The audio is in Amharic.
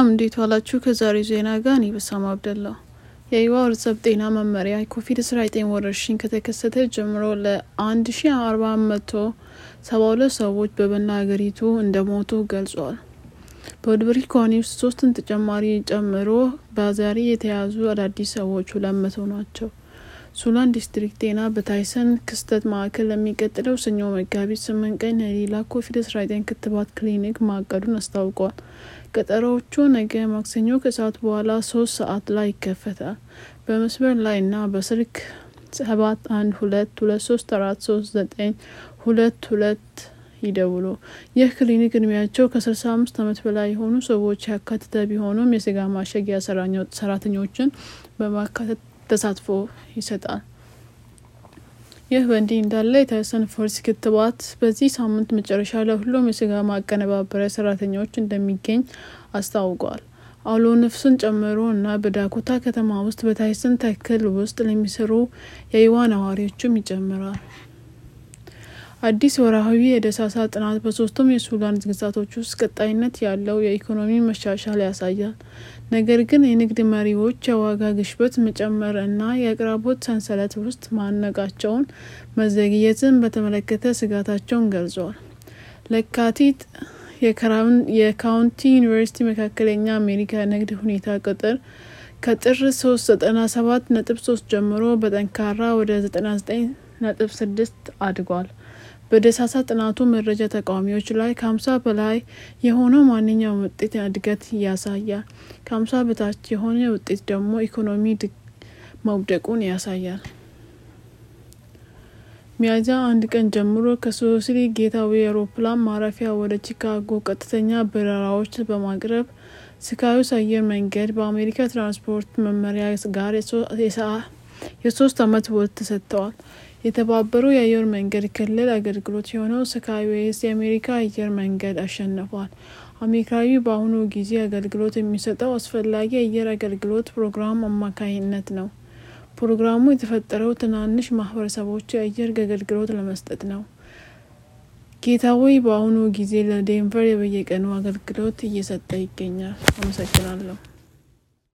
ሰላም እንዴት ዋላችሁ? ከዛሬ ዜና ጋር እኔ በሳማ አብደላ። የአይዋ ህብረተሰብ ጤና መመሪያ የኮቪድ-19 ወረርሽኝ ከተከሰተ ጀምሮ ለ ሁለት ሰዎች በመላ ሀገሪቱ እንደሞቱ ገልጿል። በወድበሪ ኮኒ ውስጥ ሶስትን ተጨማሪ ጨምሮ በዛሬ የተያዙ አዳዲስ ሰዎች 200 ናቸው። ሱላን ዲስትሪክት ጤና በታይሰን ክስተት ማዕከል ለሚቀጥለው ሰኞ መጋቢት ስምንት ቀን የሌላ ኮቪድ አስራ ዘጠኝ ክትባት ክሊኒክ ማቀዱን አስታውቋል። ቀጠሮዎቹ ነገ ማክሰኞ ከሰዓት በኋላ ሶስት ሰዓት ላይ ይከፈታል። በመስመር ላይ እና በስልክ ሰባት አንድ ሁለት ሁለት ሶስት አራት ሶስት ዘጠኝ ሁለት ሁለት ይደውሉ። ይህ ክሊኒክ እድሜያቸው ከስልሳ አምስት ዓመት በላይ የሆኑ ሰዎች ያካተተ ቢሆኑም የስጋ ማሸጊያ ሰራተኞችን በማካተት ተሳትፎ ይሰጣል። ይህ በእንዲህ እንዳለ የተሰንፎርስ ክትባት በዚህ ሳምንት መጨረሻ ለሁሉም የስጋ ማቀነባበሪያ ሰራተኞች እንደሚገኝ አስታውቋል። አውሎ ነፍስን ጨምሮ እና በዳኮታ ከተማ ውስጥ በታይሰን ተክል ውስጥ ለሚሰሩ የአይዋ ነዋሪዎችም ይጨምራል። አዲስ ወርሃዊ የደሳሳ ጥናት በሶስቱም የሱዳን ግዛቶች ውስጥ ቀጣይነት ያለው የኢኮኖሚ መሻሻል ያሳያል። ነገር ግን የንግድ መሪዎች የዋጋ ግሽበት መጨመር እና የአቅራቦት ሰንሰለት ውስጥ ማነቃቸውን መዘግየትን በተመለከተ ስጋታቸውን ገልጸዋል። ለካቲት የካውንቲ ዩኒቨርሲቲ መካከለኛ አሜሪካ ንግድ ሁኔታ ቅጥር ከጥር 397 ነጥብ ጀምሮ በጠንካራ ወደ 996 ነጥብ አድጓል። በደሳሳ ጥናቱ መረጃ ተቃዋሚዎች ላይ ከሀምሳ በላይ የሆነው ማንኛውም ውጤት እድገት ያሳያል። ከሀምሳ በታች የሆነ ውጤት ደግሞ ኢኮኖሚ መውደቁን ያሳያል። ሚያዝያ አንድ ቀን ጀምሮ ከሶስሪ ጌታዊ የአውሮፕላን ማረፊያ ወደ ቺካጎ ቀጥተኛ በረራዎች በማቅረብ ስካዩስ አየር መንገድ በአሜሪካ ትራንስፖርት መመሪያ ጋር የሶስት አመት ውል ተሰጥተዋል። የተባበሩ የአየር መንገድ ክልል አገልግሎት የሆነው ስካይዌይስ የአሜሪካ አየር መንገድ አሸንፏል። አሜሪካዊ በአሁኑ ጊዜ አገልግሎት የሚሰጠው አስፈላጊ የአየር አገልግሎት ፕሮግራም አማካይነት ነው። ፕሮግራሙ የተፈጠረው ትናንሽ ማህበረሰቦች የአየር አገልግሎት ለመስጠት ነው። ጌታዊ በአሁኑ ጊዜ ለዴንቨር የበየቀኑ አገልግሎት እየሰጠ ይገኛል። አመሰግናለሁ።